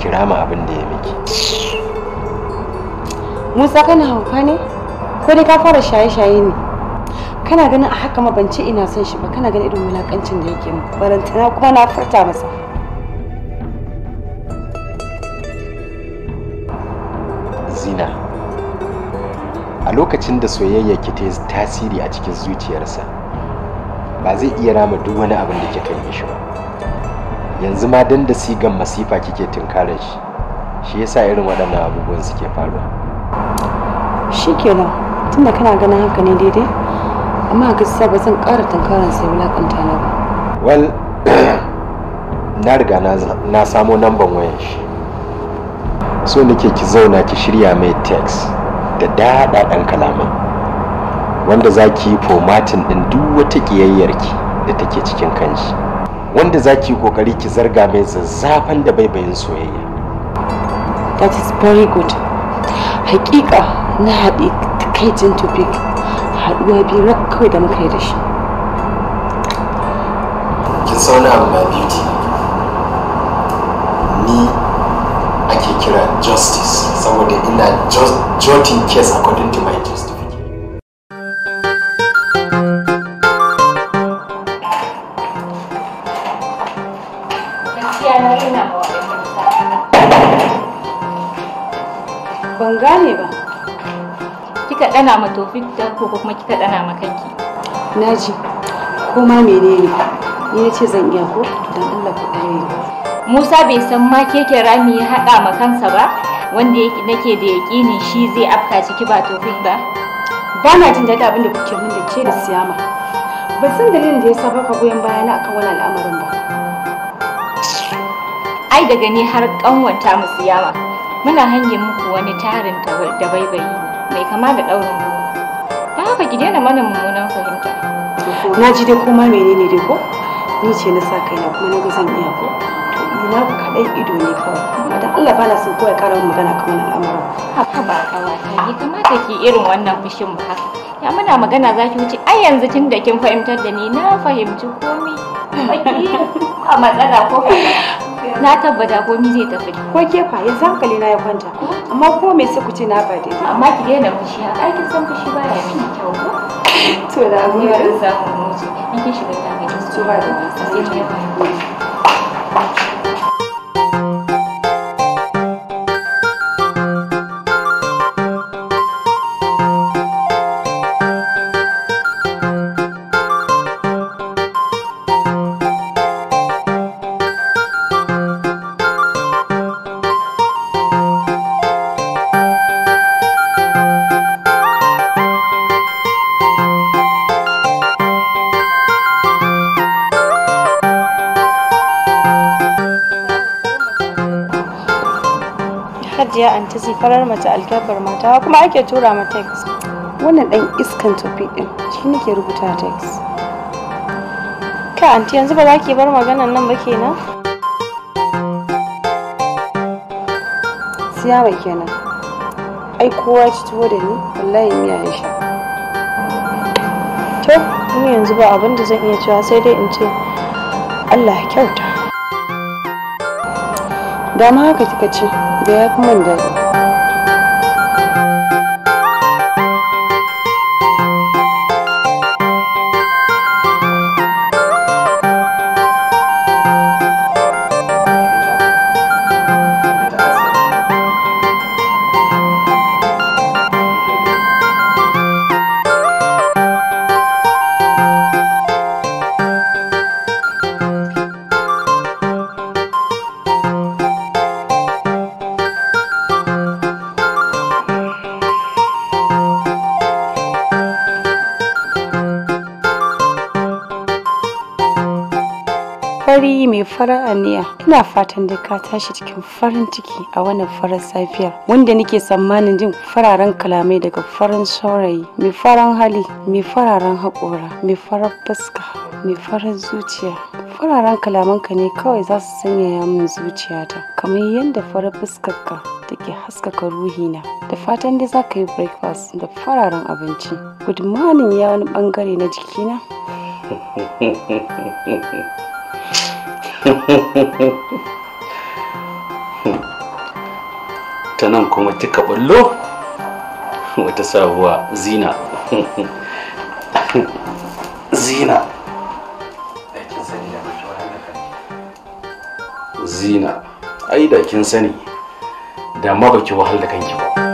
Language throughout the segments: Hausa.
kira ma abin da ya miki musa kana hauka ne ko dai ka fara shaye-shaye ne kana ganin a haka ma ban ce ina son shi ba kana ganin irin wulakancin da yake mu barantana kuma na furta masa zina a lokacin da soyayya ke ta tasiri a cikin zuciyarsa ba zai iya rama duk wani abin da ke yi shi ba yanzu ma dan da sigan masifa kike tunkarar shi shi yasa irin waɗannan abubuwan suke faruwa shikenan tunda kana ganin haka ne daidai amma gaskiya ba zan ƙara tunkarar sai wulakanta na ba well na riga na samo namban wayan shi so nake ki zauna ki shirya mai text da daɗaɗan kalaman wanda za ki yi formatin ɗin duk wata ƙiyayyarki da take cikin kanshi wanda za ki kokari ki zarga mai zazzafan da baibayin soyayya that is very good hakika na haɗe takaicin topic haɗuwa biyu na kawai da muka yi da shi kin sauna abu beauty ni ake kira justice saboda ina jotting case according to my justice dana ma tofik ko kuma kika dana ma kanki naji ko ma menene ni ce zan iya ko dan Allah ku kare Musa bai san ma keke rami ya haɗa ma kansa ba wanda nake da yaƙinin shi zai afka ciki ba tofik ba ba na jin daɗi abinda kuke min da ke da siyama ba san dalilin da ya sa baka goyon na akan wannan al'amarin ba ai daga ni har kanwata mu siyama muna hange muku wani tarin da baibayi mai kama da ɗaurin goma ta haka ki daina mana mummunan fahimta na ji dai kuma menene dai ko ni ce na sa kai na kuma na ga zan iya ko to ina ku kaɗai ido ne kawai da Allah ba na son kawai ƙara magana kan wannan amara. haka ba kawai ni kamata ki irin wannan fushin ba haka ya muna magana za ki wuce ai yanzu tun da kin fahimtar da ni na fahimci komai a matsala ko na tabbata ko zai tafi ko ke fa na ya kwanta amma ko me sai ku ce na faɗi amma ki daina fushi a aikin san fushi ba ya fi kyau ko to da mu ya za mu mutu in ki shiga ta ga su ba da sai ki hajiya antisi farar mace alkyabbar mata kuma ake tura ma text wannan dan iskan tofi din shi nake rubuta text ka anti yanzu ba za ki bar maganan nan ba kenan ba kenan ai kowa ci tuwo da ni wallahi miya ya sha to ni yanzu ba abin da zan iya cewa sai dai in ce Allah kyauta dama haka kika ce da ya fi min daɗi fara aniya ina fatan da ka tashi cikin farin ciki a wannan farar safiya wanda nake tsammanin jin fararen kalamai daga farin saurayi mai faran hali mai fararen haƙora mai farar fuska mai farar zuciya fararen kalamanka ne kawai za su sanyaya min zuciyata kamar yadda farar fuskarka take haskaka ruhina da fatan dai za ka yi breakfast da fararen abinci good morning ya wani bangare na jikina ta nan kuma kika ballo wata sabuwa zina zina zina ai da kin sani da ma baki wahal da kanki ba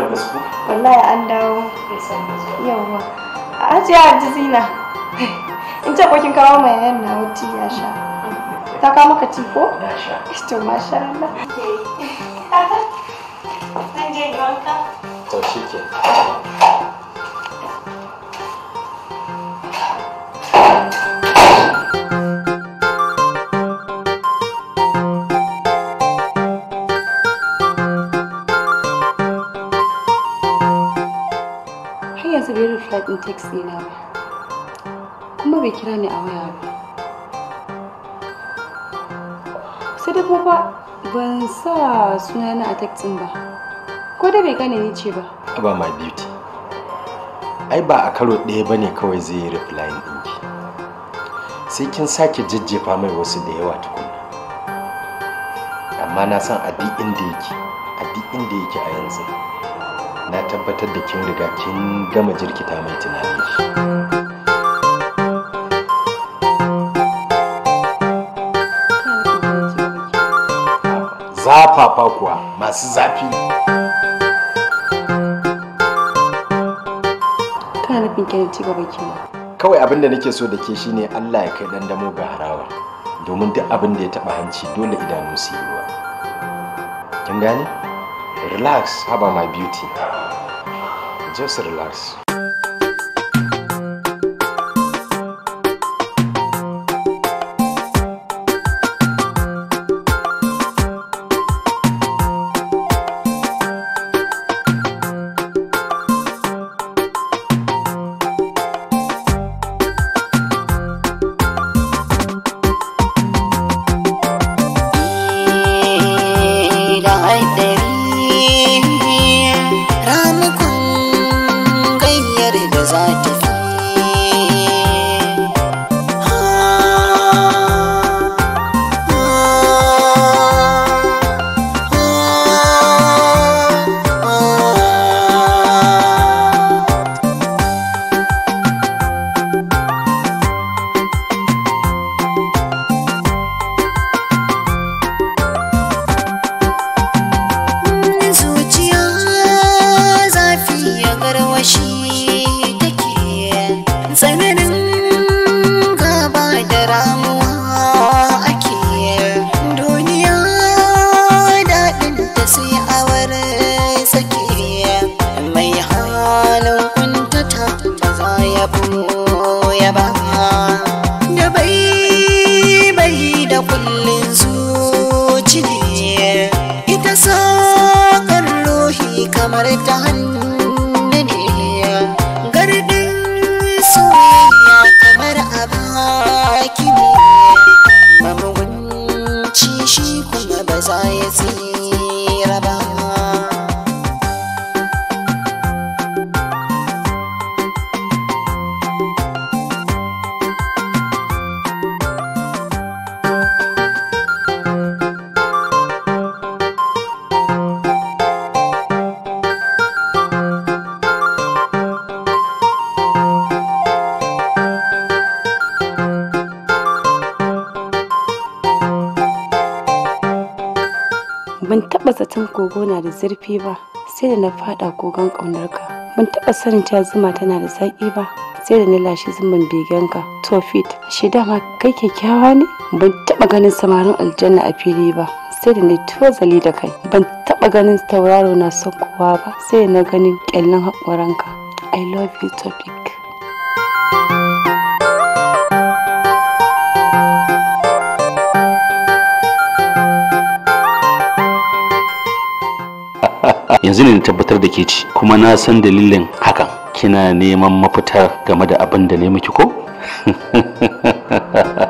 da gaske wallahi an dawo yawwa a ce a ji zina. in ce kokin kawo mai yan na wuti ya sha ta kawo maka ci ko? ya sha to masha Allah je Thank you. daɗin ɗin ɗina ba kuma bai kira ni a waya ba sai da ban sa sunana a text ɗin ba ko da bai gane ni ce ba aba my beauty ai ba a karo ɗaya ba ne kawai zai yi replying ɗinki sai kin sake jajjefa mai wasu da yawa tukuna amma na san a duk inda yake a duk inda yake a yanzu na tabbatar da kin riga kin gama jirkita mai tunanin shi zafafa kuwa masu zafi kana nufin kenan ci gaba kawai abin da nake so da ke shine Allah ya kai dan ga harawa domin duk abin da ya taɓa hanci dole idanu su yi ruwa kin gane relax haba my beauty just relax cikin kogo na da zurfi ba sai da na fada kogon ƙaunarka ban taɓa sanin cewa zuma tana da zaƙi ba sai da na lashe zuman begen To tofit shi dama kai kyakkyawa ne ban taɓa ganin samarin aljanna a fili ba sai da na tozali da kai ban taɓa ganin tauraro na sokowa ba sai da na ganin ƙyallin haƙoranka i love you topic yanzu ne na tabbatar da ke ci kuma na san dalilin hakan kina neman mafitar game da abin da ne miki ko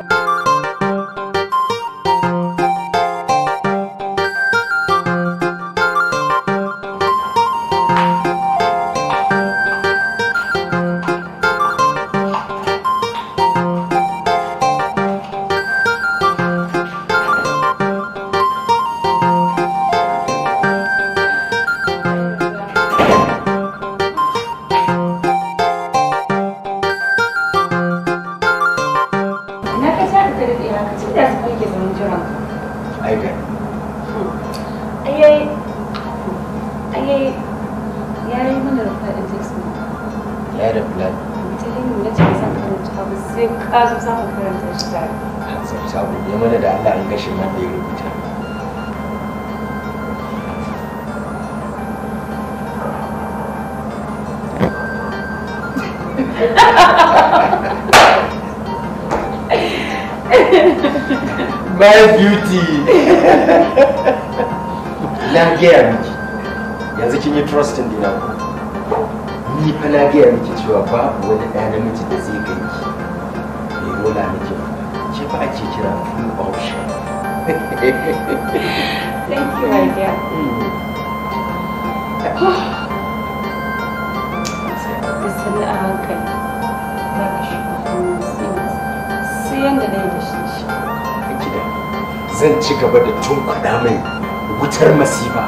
kashe nan da ya rubuta my beauty lagiya miki yanzu kin yi trust in dina ku ni fa lagiya miki cewa ba wani ɗaya namiji da zai ki bai rola miki ba ce ba ake kira full option Thank you, my dear. Da sannu a hankali Zan ci gaba da tunkuɗa mai wutar masifa.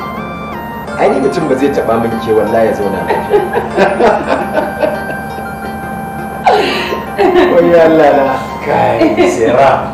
Ainihin mutum ba zai taɓa min ke wallahi ya zauna ke. Wai Allah na kai sera.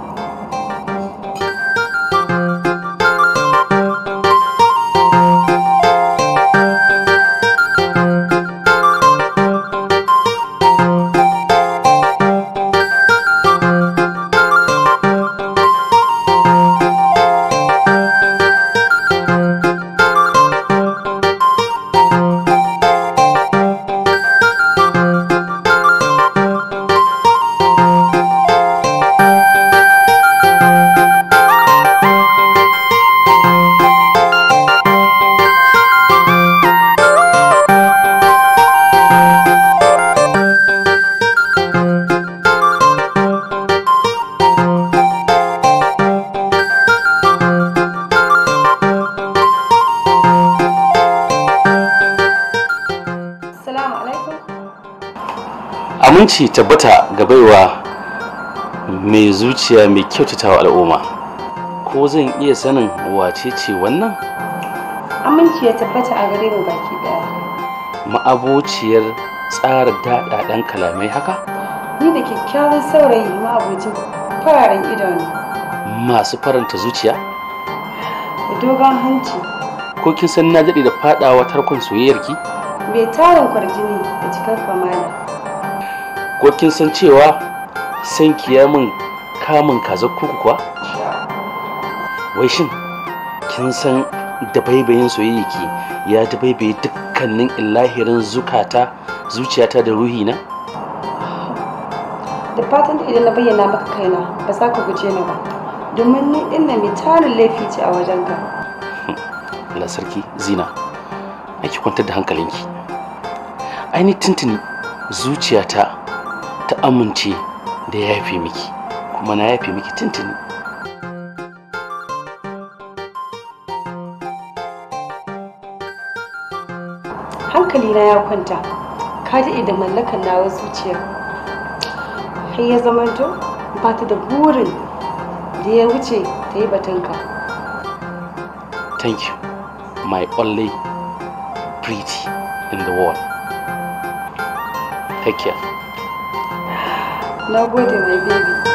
aminci tabbata ga baiwa mai zuciya mai kyautatawa al'umma ko zan iya sanin wace ce wannan aminci ya tabbata a gare mu baki daya ma'abociyar tsara daɗaɗen kalamai haka ni da kyakkyawan saurayi ma'abocin fararen idon masu faranta zuciya da dogon hanci ko kin san na daɗe da faɗawa tarkon soyayyarki mai tarin kwarjini da cikar kamala ko kin san cewa san kiyamin kamun kaza kuku kuwa wai shin kin san da baibayin soyayyaki ya ta baibaye dukkanin illahirin zukata zuciyata da na? da fatan da idan na bayyana maka kaina ba za ka guje ni ba domin ni inda mai tarin laifi ce a wajenka Allah sarki zina aiki kwantar da hankalinki ni tuntuni zuciyata amince da ya yafe miki kuma na yafe miki tintini hankali na ya kwanta ka daɗe da mallakan nawa zuciya har ya zamanto ba ta da burin da ya wuce ta yi batunka thank you my only pretty in the world take care na gode my baby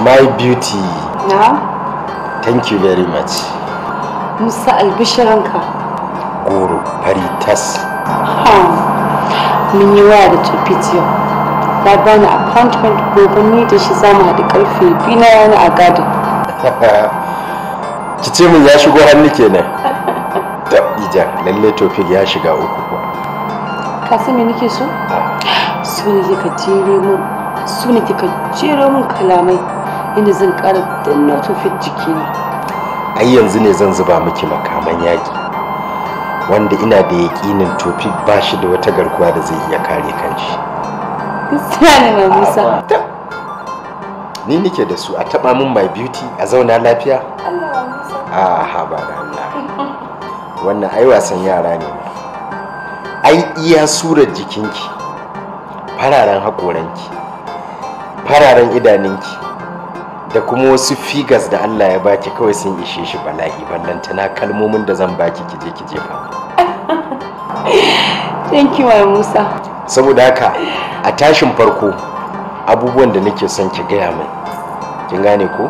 My beauty. Na? Thank you very much. Musa albishiranka. Goro, fari tas. Mun yi da Tupitio. ta bani appointment gobe ni da shi zama da karfe biyu na rana a gadi ki ce min ya shigo hannu kenan da ija lalle tofik ya shiga uku kuwa ka san me nake so ah. su ne ka jere mu su ne ka jere mun kalamai inda zan kara danna tofik jikina ai yanzu ne zan zuba miki makaman yaki wanda ina da yaƙinin tofik ba shi da wata garkuwa da zai iya kare kanshi Sani mai Musa. Ni nike da su a taɓa min my beauty a zauna lafiya? A haba da Allah. Wannan ai wasan yara ne. Ai iya surar jikinki, fararen haƙoranki, fararen idaninki, da kuma wasu figas da Allah ya baki kawai sun ishe shi bala'i ballantana kalmomin da zan baki kije kije ba. Thank you, Musa. saboda haka a tashin farko abubuwan da nake son ki gaya min kin gane ko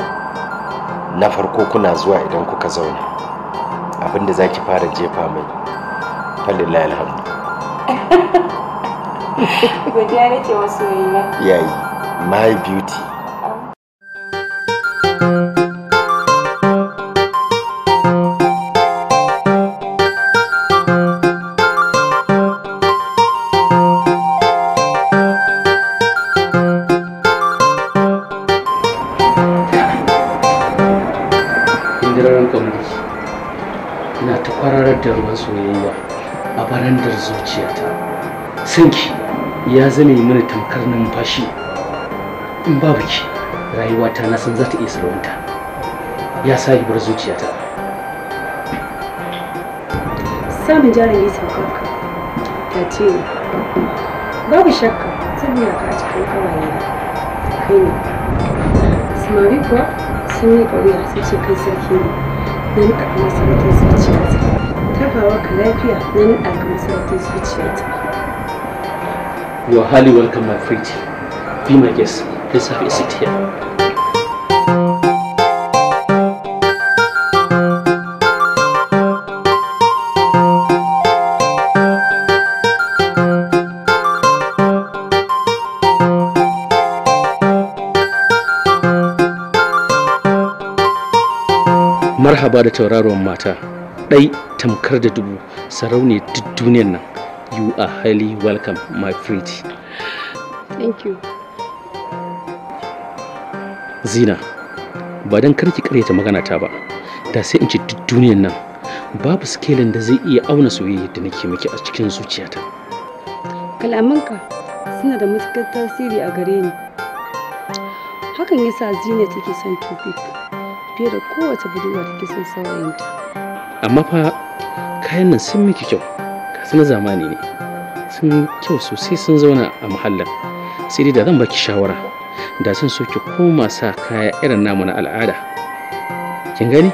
na farko kuna zuwa idan kuka zauna abinda za ki fara jefa mai lillahi alhamdu godiya nake wasu yayi my beauty ruwan soyayya a barandar zuciyata sanki ya zame mini tamkar numfashi in babu ki rayuwata na san za ta iya salwanta ya sa bar zuciyata samun jarin yi saukarka ta ce babu shakka saboda ka a cikin kawaye kai ne samari kuwa sun yi ƙauya sun ce kai sarki ne don ka kuma sarautar zuciyarsa You are highly welcome, my friend. Be my guest. Please have a seat here. Marhaba da tauraron mata. ɗai tamkar da dubu sarauniya duk duniyar nan you are highly welcome my friend. thank you zina ba don karki karyata magana ta ba da sai in ci duk duniyar nan babu sikelin da zai iya auna soyayya da nake miki a cikin zuciyata kalamanka suna da matukar tasiri a gare ni hakan yasa zina take son tufik fiye da kowace budurwa take son saurayinta amma fa kayan nan sun miki kyau kasu na zamani ne sun kyau sosai sun zauna a muhallin sai dai da zan baki shawara da sun so ki koma sa kaya irin namu na al'ada kin gani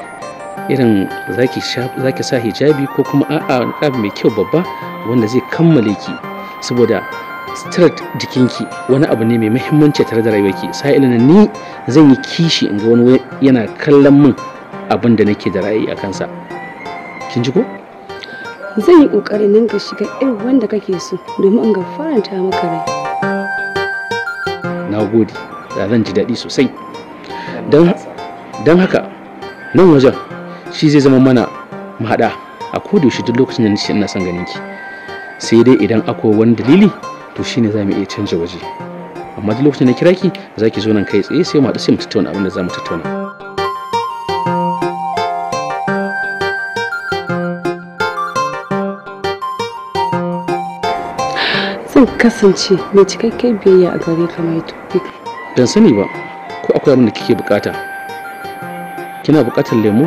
irin za ki sa hijabi ko kuma a'a abu mai kyau babba wanda zai kammale ki saboda sitirat jikinki wani abu ne mai muhimmanci tare da rayuwarki sai ilin ni zan yi kishi in ga wani yana kallon min abin da nake da ra'ayi a kansa kin ko zan yi kokarin ninka shiga irin wanda kake so domin in ga faranta maka rai na gode da zan ji daɗi sosai don haka nan wajen shi zai zama mana mahaɗa a shi duk lokacin da nishi ina son ganin ki sai dai idan akwai wani dalili to shine za mu iya canja waje amma duk lokacin da kira ki za ki zo nan kai tsaye sai mu haɗu sai mu tattauna abin da za mu tattauna zan kasance mai cikakken biyayya a gare ka mai tofi ban sani ba ko akwai abin da kike bukata kina bukatar lemo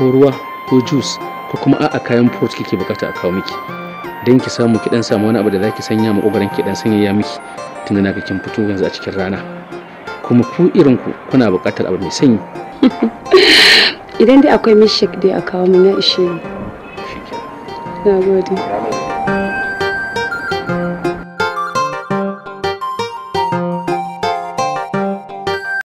ko ruwa ko juice ko kuma a'a kayan fruit kike bukata a kawo miki don ki samu ki dan samu wani abu da zaki sanya ma kokarin ki dan sanya ya miki tunda na kin fito yanzu a cikin rana kuma ku irin ku kuna bukatar abu mai sanyi idan dai akwai mishik dai a kawo min ya ishe ni Nagode.